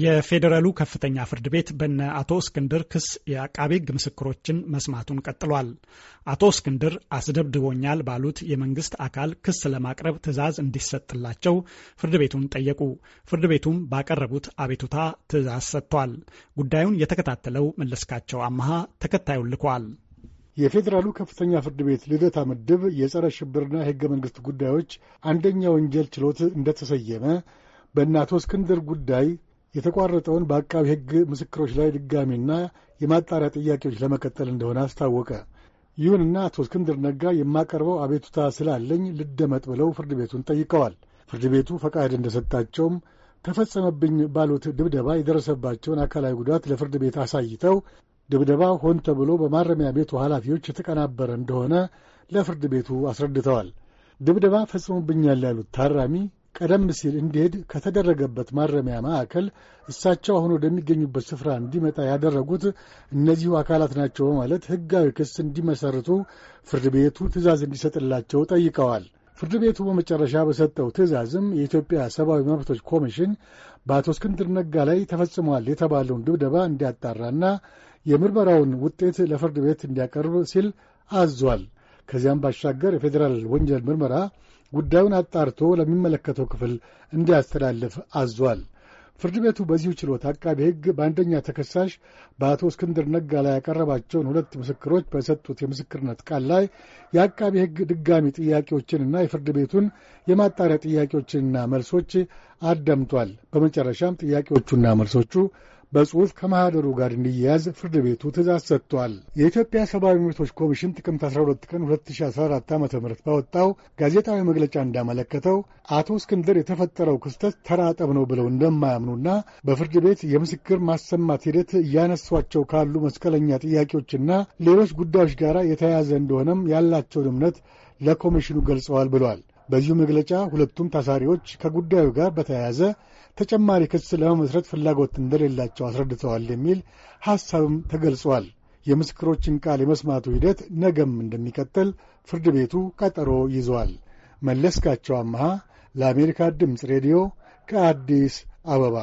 የፌዴራሉ ከፍተኛ ፍርድ ቤት በነ አቶ እስክንድር ክስ የአቃቤ ሕግ ምስክሮችን መስማቱን ቀጥሏል። አቶ እስክንድር አስደብድቦኛል ባሉት የመንግስት አካል ክስ ለማቅረብ ትዕዛዝ እንዲሰጥላቸው ፍርድ ቤቱን ጠየቁ። ፍርድ ቤቱም ባቀረቡት አቤቱታ ትዕዛዝ ሰጥቷል። ጉዳዩን የተከታተለው መለስካቸው አመሃ ተከታዩን ልኳል። የፌዴራሉ ከፍተኛ ፍርድ ቤት ልደታ ምድብ የጸረ ሽብርና የሕገ መንግሥት ጉዳዮች አንደኛ ወንጀል ችሎት እንደተሰየመ በእነ አቶ እስክንድር ጉዳይ የተቋረጠውን በአቃቢ ሕግ ምስክሮች ላይ ድጋሚና የማጣሪያ ጥያቄዎች ለመቀጠል እንደሆነ አስታወቀ። ይሁንና አቶ እስክንድር ነጋ የማቀርበው አቤቱታ ስላለኝ ልደመጥ ብለው ፍርድ ቤቱን ጠይቀዋል። ፍርድ ቤቱ ፈቃድ እንደሰጣቸውም ተፈጸመብኝ ባሉት ድብደባ የደረሰባቸውን አካላዊ ጉዳት ለፍርድ ቤት አሳይተው ድብደባ ሆን ተብሎ በማረሚያ ቤቱ ኃላፊዎች የተቀናበረ እንደሆነ ለፍርድ ቤቱ አስረድተዋል። ድብደባ ፈጽሞብኛል ያሉት ታራሚ ቀደም ሲል እንዲሄድ ከተደረገበት ማረሚያ ማዕከል እሳቸው አሁን ወደሚገኙበት ስፍራ እንዲመጣ ያደረጉት እነዚሁ አካላት ናቸው በማለት ሕጋዊ ክስ እንዲመሰርቱ ፍርድ ቤቱ ትዕዛዝ እንዲሰጥላቸው ጠይቀዋል። ፍርድ ቤቱ በመጨረሻ በሰጠው ትዕዛዝም የኢትዮጵያ ሰብአዊ መብቶች ኮሚሽን በአቶ እስክንድር ነጋ ላይ ተፈጽሟል የተባለውን ድብደባ እንዲያጣራና የምርመራውን ውጤት ለፍርድ ቤት እንዲያቀርብ ሲል አዟል። ከዚያም ባሻገር የፌዴራል ወንጀል ምርመራ ጉዳዩን አጣርቶ ለሚመለከተው ክፍል እንዲያስተላልፍ አዟል። ፍርድ ቤቱ በዚሁ ችሎት አቃቤ ሕግ በአንደኛ ተከሳሽ በአቶ እስክንድር ነጋ ላይ ያቀረባቸውን ሁለት ምስክሮች በሰጡት የምስክርነት ቃል ላይ የአቃቤ ሕግ ድጋሚ ጥያቄዎችንና የፍርድ ቤቱን የማጣሪያ ጥያቄዎችንና መልሶች አዳምጧል። በመጨረሻም ጥያቄዎቹና መልሶቹ በጽሑፍ ከማኅደሩ ጋር እንዲያያዝ ፍርድ ቤቱ ትእዛዝ ሰጥቷል። የኢትዮጵያ ሰብአዊ መብቶች ኮሚሽን ጥቅምት 12 ቀን 2014 ዓ ም ባወጣው ጋዜጣዊ መግለጫ እንዳመለከተው አቶ እስክንድር የተፈጠረው ክስተት ተራጠብ ነው ብለው እንደማያምኑና በፍርድ ቤት የምስክር ማሰማት ሂደት እያነሷቸው ካሉ መስቀለኛ ጥያቄዎችና ሌሎች ጉዳዮች ጋር የተያያዘ እንደሆነም ያላቸውን እምነት ለኮሚሽኑ ገልጸዋል ብሏል። በዚሁ መግለጫ ሁለቱም ታሳሪዎች ከጉዳዩ ጋር በተያያዘ ተጨማሪ ክስ ለመመስረት ፍላጎት እንደሌላቸው አስረድተዋል የሚል ሐሳብም ተገልጿል። የምስክሮችን ቃል የመስማቱ ሂደት ነገም እንደሚቀጥል ፍርድ ቤቱ ቀጠሮ ይዟል። መለስካቸው አመሃ ለአሜሪካ ድምፅ ሬዲዮ ከአዲስ አበባ